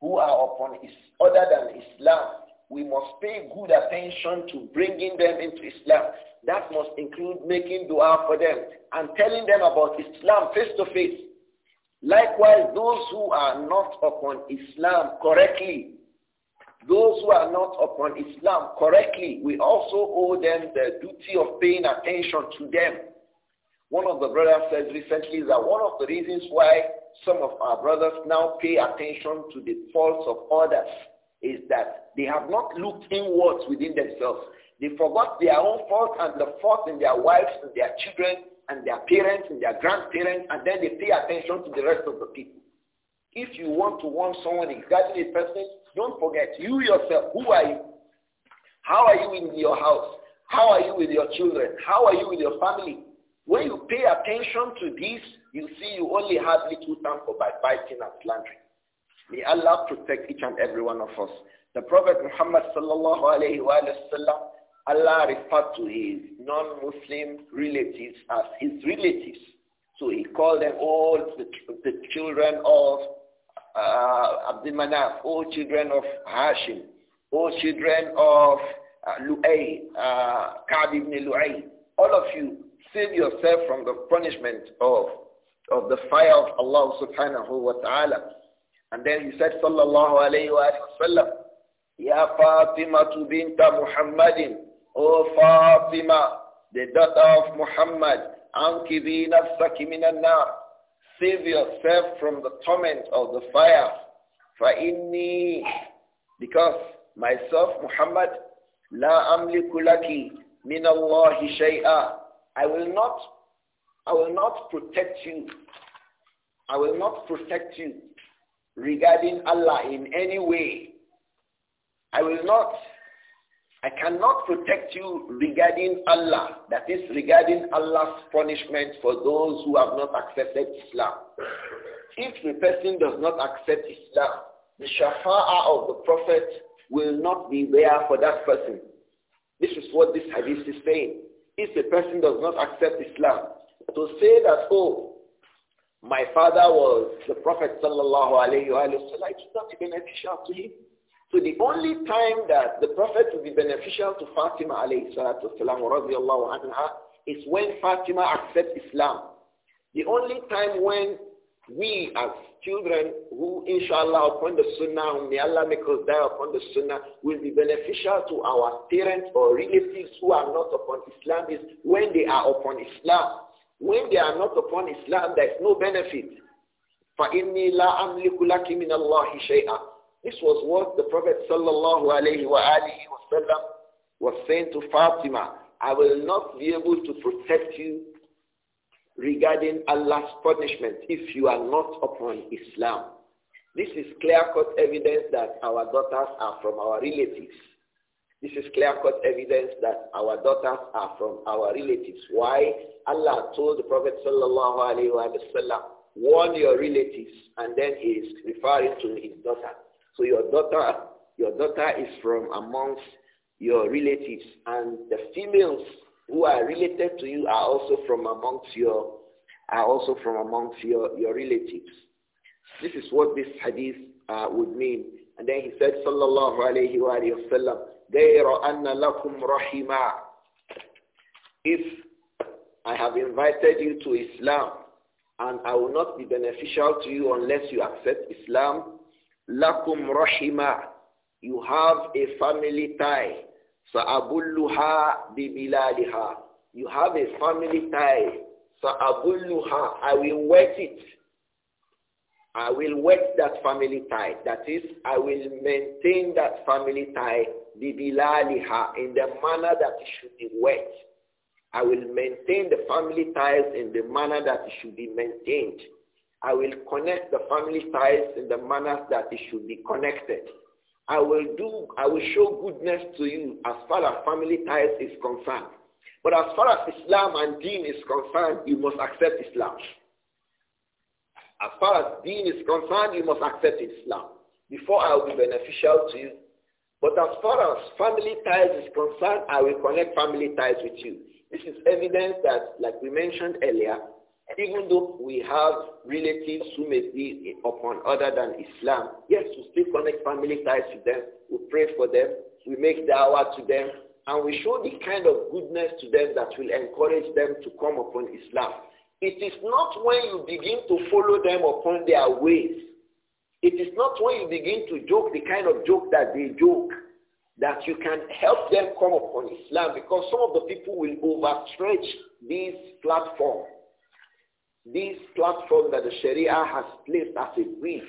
who are upon is other than Islam, we must pay good attention to bringing them into Islam. That must include making dua for them and telling them about Islam face to face. Likewise, those who are not upon Islam correctly, those who are not upon Islam correctly, we also owe them the duty of paying attention to them one of the brothers said recently that one of the reasons why some of our brothers now pay attention to the faults of others is that they have not looked inwards within themselves. They forgot their own faults and the faults in their wives and their children and their parents and their grandparents and then they pay attention to the rest of the people. If you want to warn someone exactly a person, don't forget you yourself. Who are you? How are you in your house? How are you with your children? How are you with your family? When you pay attention to this, you see you only have little time for backbiting and slandering. May Allah protect each and every one of us. The Prophet Muhammad sallallahu alayhi wa sallam, Allah referred to his non-Muslim relatives as his relatives. So he called them all the, the children of uh, Abdul Manaf, all children of Hashim, all children of uh, Lu'ay, uh, Ka'b ibn Lu'ay. All of you, save yourself from the punishment of, of the fire of Allah subhanahu wa ta'ala. And then he said, sallallahu alayhi wa sallam, Ya Fatima tu binta Muhammadin, O Fatima, the daughter of Muhammad, ankibi nafsaki minan save yourself from the torment of the fire. For inni, because myself, Muhammad, la amliku laki min Allahi shay'a. I will not, I will not protect you. I will not protect you regarding Allah in any way. I will not, I cannot protect you regarding Allah. That is regarding Allah's punishment for those who have not accepted Islam. If the person does not accept Islam, the shafa'a of the Prophet will not be there for that person. This is what this hadith is saying if a person does not accept Islam, to say that, oh, my father was the Prophet sallallahu alayhi wa sallam, it not be beneficial to him. So the only time that the Prophet will be beneficial to Fatima alayhi salatu wasalam anha is when Fatima accepts Islam. The only time when we as children who, inshallah, upon the sunnah, may Allah make us die upon the sunnah, will be beneficial to our parents or relatives who are not upon Islam is when they are upon Islam. When they are not upon Islam, there is no benefit. فَإِنِّي لَا أَمْلِكُ لَكِ in اللَّهِ شَيْئًا This was what the Prophet sallallahu alayhi wa alihi was saying to Fatima. I will not be able to protect you regarding Allah's punishment if you are not upon Islam. This is clear-cut evidence that our daughters are from our relatives. This is clear-cut evidence that our daughters are from our relatives. Why? Allah told the Prophet sallallahu alaihi wasallam, warn your relatives, and then he is referring to his daughter. So your daughter, your daughter is from amongst your relatives, and the females who are related to you are also from amongst your are also from amongst your, your relatives. This is what this hadith uh, would mean. And then he said, Sallallahu alayhi wa sallam, غَيْرَ أَنَّ لَكُمْ If I have invited you to Islam, and I will not be beneficial to you unless you accept Islam, lakum rahima. You have a family tie. Sa'abulluha dibilaliha. You have a family tie. Sa'abulluha. I will wet it. I will wet that family tie. That is, I will maintain that family tie dibilaliha in the manner that it should be wet. I will maintain the family ties in the manner that it should be maintained. I will connect the family ties in the manner that it should be connected. I will do, I will show goodness to you as far as family ties is concerned. But as far as Islam and deen is concerned, you must accept Islam. As far as deen is concerned, you must accept Islam before I will be beneficial to you. But as far as family ties is concerned, I will connect family ties with you. This is evidence that, like we mentioned earlier, even though we have relatives who may be upon other than Islam, yes, we still connect family ties to them, we pray for them, we make da'wah to them, and we show the kind of goodness to them that will encourage them to come upon Islam. It is not when you begin to follow them upon their ways. It is not when you begin to joke the kind of joke that they joke that you can help them come upon Islam because some of the people will overstretch this platform this platform that the Sharia has placed as a bridge.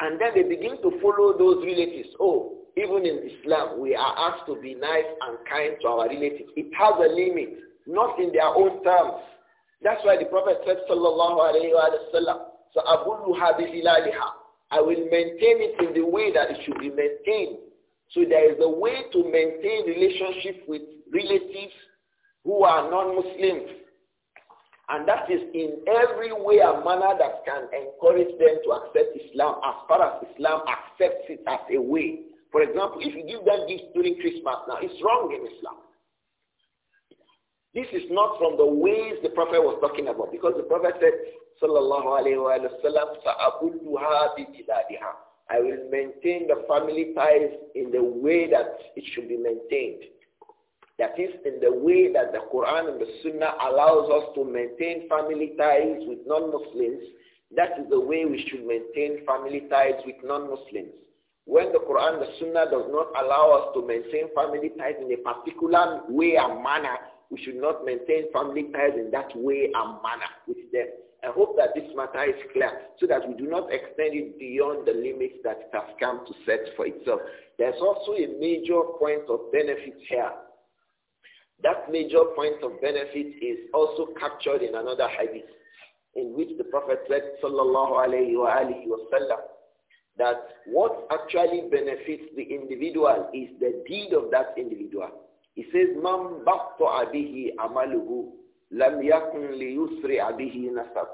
And then they begin to follow those relatives. Oh, even in Islam, we are asked to be nice and kind to our relatives. It has a limit, not in their own terms. That's why the Prophet said, Sallallahu Alaihi Wasallam, so Abu bilaliha. I will maintain it in the way that it should be maintained. So there is a way to maintain relationship with relatives who are non-Muslims and that is in every way and manner that can encourage them to accept Islam as far as Islam accepts it as a way. For example, if you give them gifts during Christmas now, it's wrong in Islam. This is not from the ways the Prophet was talking about because the Prophet said, Sallallahu Alaihi Wasallam, Sa'abulluha bidiladiha. I will maintain the family ties in the way that it should be maintained. That is in the way that the Quran and the Sunnah allows us to maintain family ties with non-Muslims. That is the way we should maintain family ties with non-Muslims. When the Quran and the Sunnah does not allow us to maintain family ties in a particular way and manner, we should not maintain family ties in that way and manner with them. I hope that this matter is clear so that we do not extend it beyond the limits that it has come to set for itself. There's also a major point of benefit here that major point of benefit is also captured in another hadith in which the Prophet said, sallallahu alayhi wa sallam," that what actually benefits the individual is the deed of that individual. He says, "Man baqta'a bihi amaluhu lam yakun liyusri'a bihi nasab."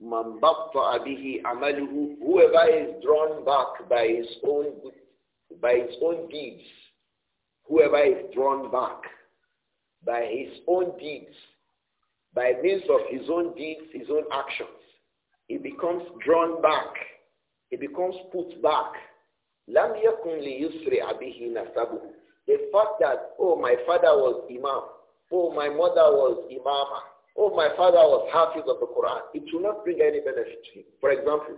Man baqta'a bihi amaluhu, whoever is drawn back by his own by his own deeds, whoever is drawn back by his own deeds, by means of his own deeds, his own actions, he becomes drawn back. He becomes put back. The fact that, oh, my father was imam. Oh, my mother was imama. Oh, my father was half of the Quran. It will not bring any benefit to him. For example,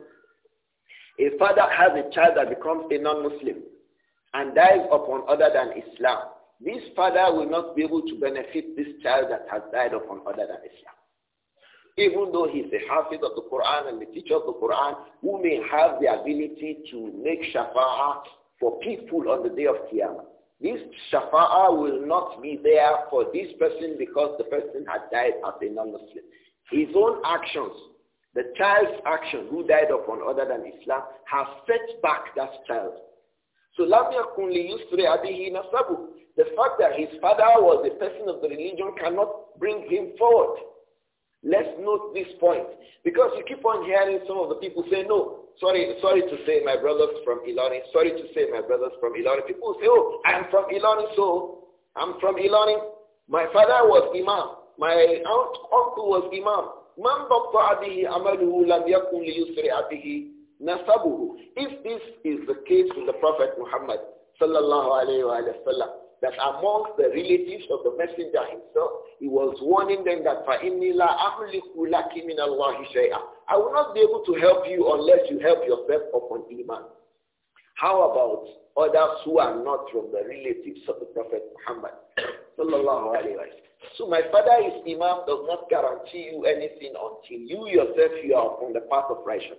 a father has a child that becomes a non-Muslim and dies upon other than Islam this father will not be able to benefit this child that has died upon other than Islam. Even though he's the hafiz of the Quran and the teacher of the Quran, who may have the ability to make shafa'ah for people on the day of Qiyamah. This shafa'ah will not be there for this person because the person had died as a non-Muslim. His own actions, the child's action who died upon other than Islam, has set back that child. So لم يكن ليسر أبيه نسبه the fact that his father was a person of the religion cannot bring him forward. Let's note this point. Because you keep on hearing some of the people say, no, sorry, sorry to say my brothers from Ilani. sorry to say my brothers from Ilani. People say, oh, I'm from Ilani, so I'm from Ilani. My father was imam. My aunt, uncle was imam. Man amaluhu lam yakun nasabuhu. If this is the case with the Prophet Muhammad sallallahu alayhi wa sallam, that amongst the relatives of the messenger himself, he was warning them that I will not be able to help you unless you help yourself upon Iman. How about others who are not from the relatives of the Prophet Muhammad? <coughs> So my father is Imam does not guarantee you anything until you yourself you are on the path of righteousness.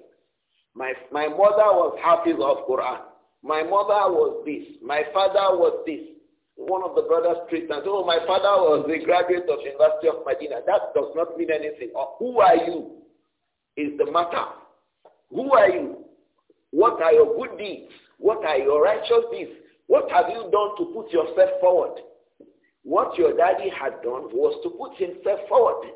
My, my mother was Hafiz of Quran. My mother was this. My father was this one of the brothers treats and says, oh, my father was a graduate of University of Medina. That does not mean anything. Or who are you is the matter. Who are you? What are your good deeds? What are your righteous deeds? What have you done to put yourself forward? What your daddy had done was to put himself forward.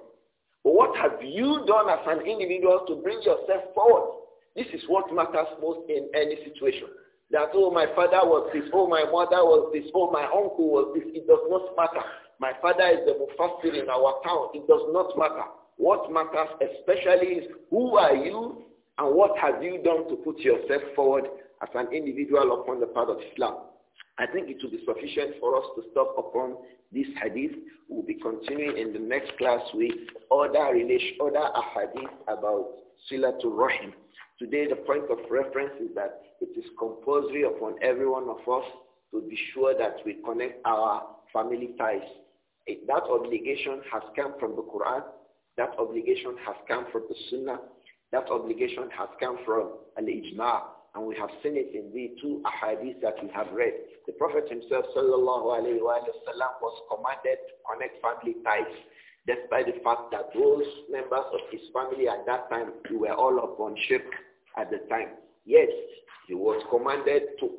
But what have you done as an individual to bring yourself forward? This is what matters most in any situation. That, oh, my father was this, oh, my mother was this, oh, my uncle was this. It does not matter. My father is the mufassir in our town. It does not matter. What matters especially is who are you and what have you done to put yourself forward as an individual upon the path of Islam. I think it will be sufficient for us to stop upon this hadith. We'll be continuing in the next class with other relation, other ahadith about silatul rahim. Today, the point of reference is that it is compulsory upon every one of us to be sure that we connect our family ties. that obligation has come from the Quran. That obligation has come from the Sunnah. That obligation has come from al-Ijma'. And we have seen it in the two ahadith that we have read. The Prophet himself, sallallahu alayhi wa sallam, was commanded to connect family ties despite the fact that those members of his family at that time were all upon shirk at the time. Yes, he was commanded to,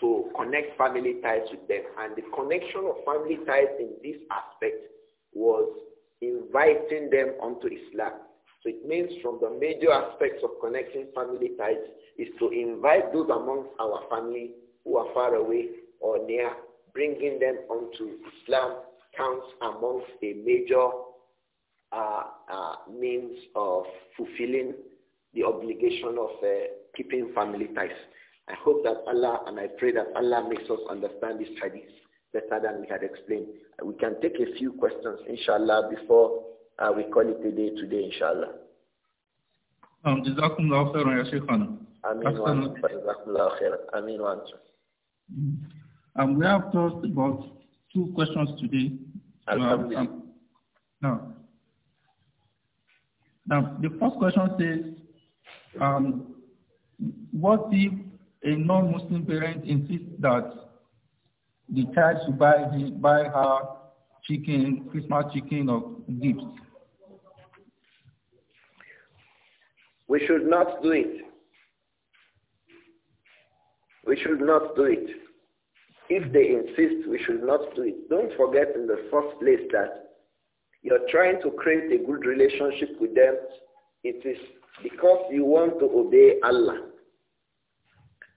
to connect family ties with them. And the connection of family ties in this aspect was inviting them onto Islam. So it means from the major aspects of connecting family ties is to invite those amongst our family who are far away or near, bringing them onto Islam counts amongst a major uh, uh, means of fulfilling the obligation of uh, keeping family ties. I hope that Allah and I pray that Allah makes us understand this hadith better than we had explained. We can take a few questions, inshallah, before uh, we call it a day today, inshallah.
Um, جزاكم khairan. خيرا يا شيخنا. Ameen wa mm-hmm. um, we have talked about two questions today. Um, Alhamdulillah. Um, now, now, the first question says, um, what if a non-Muslim parent insists that the child should buy him, buy her chicken, Christmas chicken or gifts?
We should not do it. We should not do it. If they insist, we should not do it. Don't forget in the first place that you're trying to create a good relationship with them. It is because you want to obey Allah.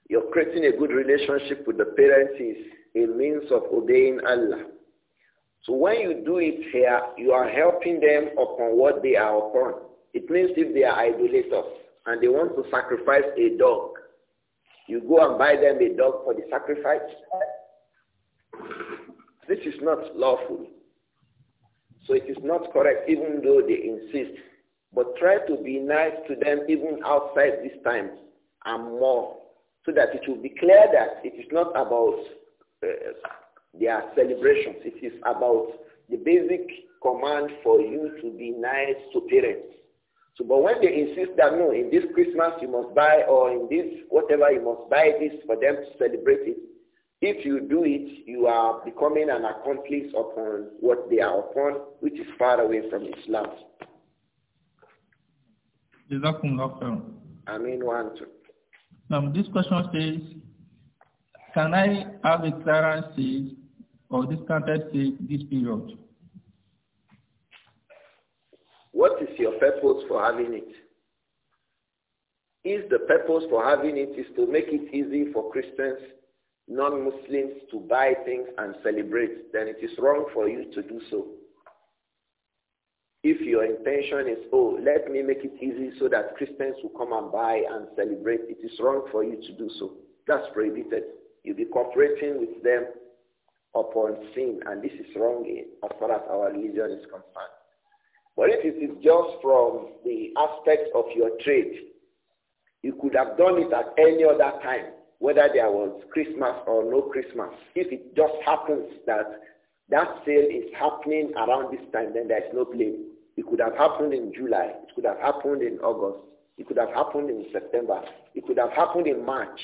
You're creating a good relationship with the parents is a means of obeying Allah. So when you do it here, you are helping them upon what they are upon. It means if they are idolaters and they want to sacrifice a dog, you go and buy them a dog for the sacrifice. This is not lawful. So it is not correct even though they insist but try to be nice to them even outside this time and more so that it will be clear that it is not about uh, their celebrations. It is about the basic command for you to be nice to parents. So, but when they insist that no, in this Christmas you must buy or in this whatever you must buy this for them to celebrate it, if you do it, you are becoming an accomplice upon what they are upon, which is far away from Islam.
Jazakum Lafel.
I mean one. Two.
Now this question says, can I have a clearance sale or discounted sale this period? What is
your purpose for having it? Is the purpose for having it is to make it easy for Christians, non-Muslims to buy things and celebrate, then it is wrong for you to do so. If your intention is, oh, let me make it easy so that Christians will come and buy and celebrate, it is wrong for you to do so. That's prohibited. You'll be cooperating with them upon sin, and this is wrong eh, as far as our religion is concerned. But if it is just from the aspect of your trade, you could have done it at any other time, whether there was Christmas or no Christmas. If it just happens that that sale is happening around this time, then there is no blame. It could have happened in July. It could have happened in August. It could have happened in September. It could have happened in March.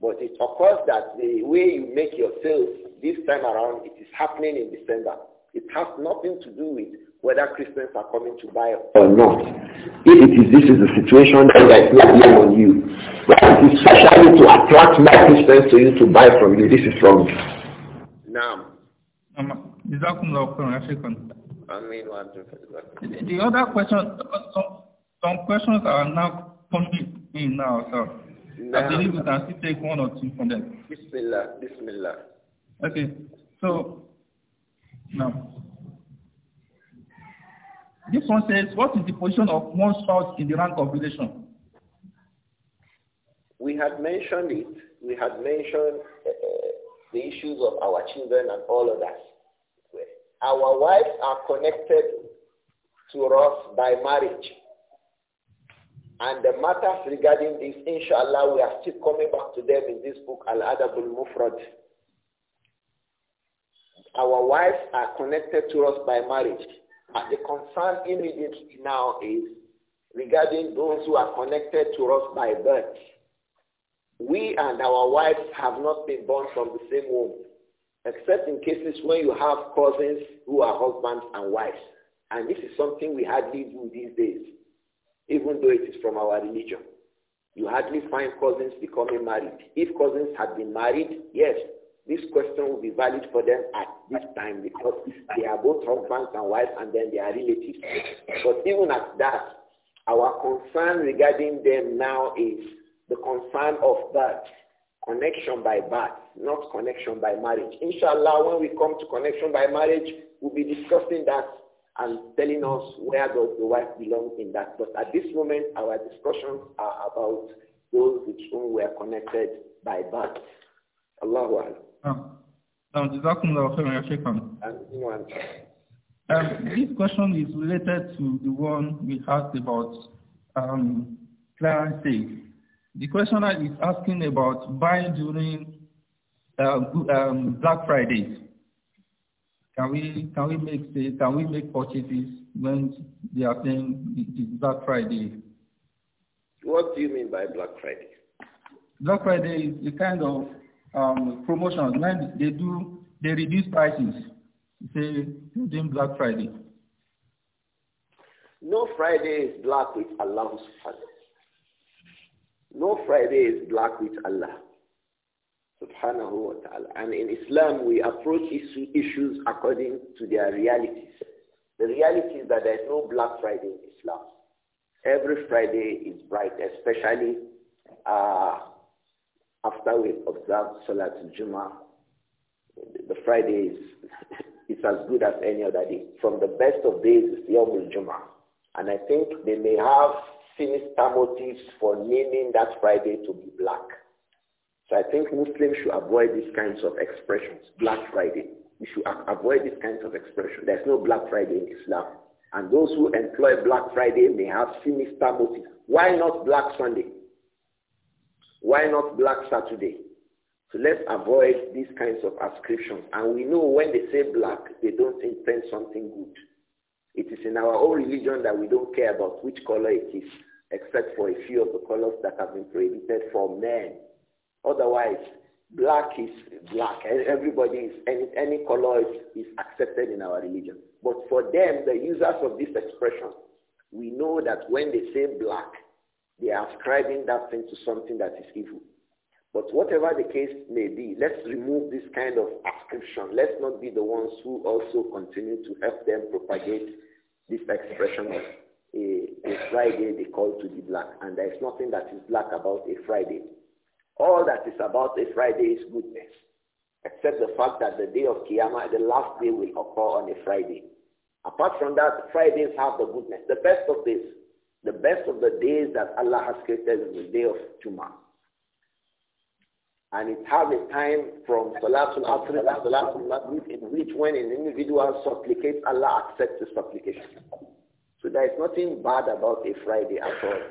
But it occurs that the way you make your sales this time around, it is happening in December. It has nothing to do with whether Christians are coming to buy or not. If it is this is the situation, that i no blame on you. But it is specially to attract more Christians to you to buy from you. This is wrong.
Now. The other question, some, some questions are now coming in now, so
I believe we can
still take one or two from them. Bismillah, Bismillah. Okay, so now. This one says, what is the position of one spouse in the rank of relation?
We had mentioned it. We had mentioned uh, the issues of our children and all of that. Our wives are connected to us by marriage. And the matters regarding this, inshallah, we are still coming back to them in this book, Al-Adabul Mufrad. Our wives are connected to us by marriage. And the concern immediately now is regarding those who are connected to us by birth. We and our wives have not been born from the same womb except in cases when you have cousins who are husbands and wives. And this is something we hardly do these days, even though it is from our religion. You hardly find cousins becoming married. If cousins have been married, yes, this question will be valid for them at this time because they are both husbands and wives and then they are relatives. But even at that, our concern regarding them now is the concern of that. Connection by birth, not connection by marriage. Inshallah, when we come to connection by marriage, we'll be discussing that and telling us where does the wife belong in that. But at this moment, our discussions are about those with whom we are connected by birth. Allahu um,
um, um, um, this question is related to the one we asked about um, the questioner is asking about buying during um, um, Black Friday. Can we can we make say, can we make purchases when they are saying it's Black Friday?
What do you mean by Black Friday?
Black Friday is a kind of um, promotion when they do they reduce prices. Say during Black Friday.
No Friday is black with Allah subhanahu no Friday is black with Allah. Subhanahu wa ta'ala. And in Islam, we approach issues according to their realities. The reality is that there is no Black Friday in Islam. Every Friday is bright, especially uh, after we observe Salat Juma. jummah The Friday is <laughs> it's as good as any other day. From the best of days is Yom al-Jummah. And I think they may have sinister motives for naming that Friday to be black. So I think Muslims should avoid these kinds of expressions. Black Friday. We should avoid these kinds of expressions. There's no Black Friday in Islam. And those who employ Black Friday may have sinister motives. Why not Black Sunday? Why not Black Saturday? So let's avoid these kinds of ascriptions. And we know when they say black, they don't intend something good. It is in our own religion that we don't care about which color it is, except for a few of the colors that have been prohibited for men. Otherwise, black is black. Everybody is, any, any color is, is accepted in our religion. But for them, the users of this expression, we know that when they say black, they are ascribing that thing to something that is evil. But whatever the case may be, let's remove this kind of ascription. Let's not be the ones who also continue to help them propagate this expression of a, a Friday they call to the black. And there is nothing that is black about a Friday. All that is about a Friday is goodness, except the fact that the day of Kiyama, the last day will occur on a Friday. Apart from that, Fridays have the goodness. The best of days, the best of the days that Allah has created is the day of Jummah and it has a time from Salatul Asr to Salatul Maghrib in which when an individual supplicates, Allah accepts the supplication. So there is nothing bad about a Friday at all.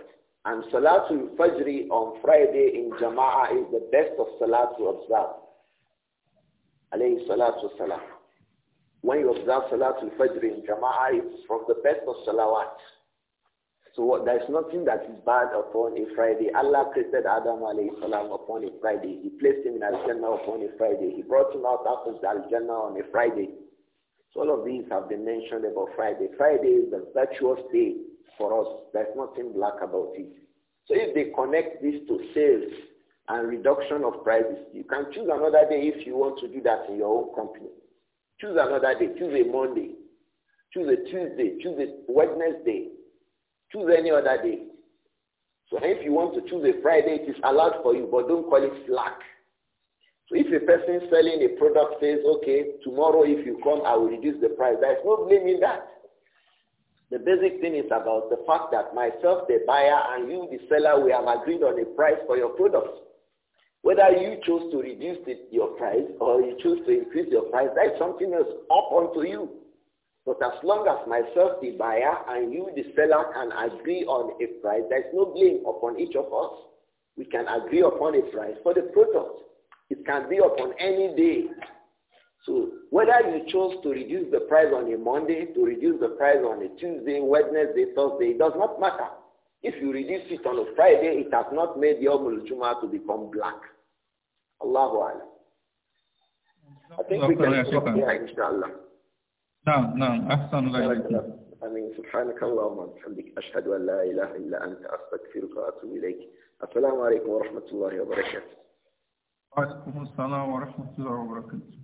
And Salatul Fajr on Friday in Jama'ah is the best of Salatul Observe. Alayhi Salatul Salam. When you observe Salatul Fajr in Jama'ah, it's from the best of Salawat. So there is nothing that is bad upon a Friday. Allah created Adam alayhi salam upon a Friday. He placed him in Al-Jannah upon a Friday. He brought him out after Al-Jannah on a Friday. So all of these have been mentioned about Friday. Friday is the virtuous day for us. There's nothing black about it. So if they connect this to sales and reduction of prices, you can choose another day if you want to do that in your own company. Choose another day. Choose a Monday. Choose a Tuesday. Choose a Wednesday Choose any other day. So if you want to choose a Friday, it is allowed for you, but don't call it slack. So if a person selling a product says, okay, tomorrow if you come, I will reduce the price, there is no blame in that. The basic thing is about the fact that myself, the buyer, and you, the seller, we have agreed on a price for your product. Whether you choose to reduce the, your price or you choose to increase your price, that is something else up onto you. But as long as myself, the buyer, and you, the seller, can agree on a price, there's no blame upon each of us. We can agree upon a price for the product. It can be upon any day. So whether you chose to reduce the price on a Monday, to reduce the price on a Tuesday, Wednesday, Thursday, it does not matter. If you reduce it on a Friday, it has not made your Juma to become black. Allahu Alam. I think we can stop here, inshallah.
نعم نعم أحسن الله إليك
آمين سبحانك اللهم وبحمدك أشهد أن لا إله إلا أنت أستغفرك وأتوب إليك السلام عليكم ورحمة الله وبركاته
وعليكم السلام ورحمة الله وبركاته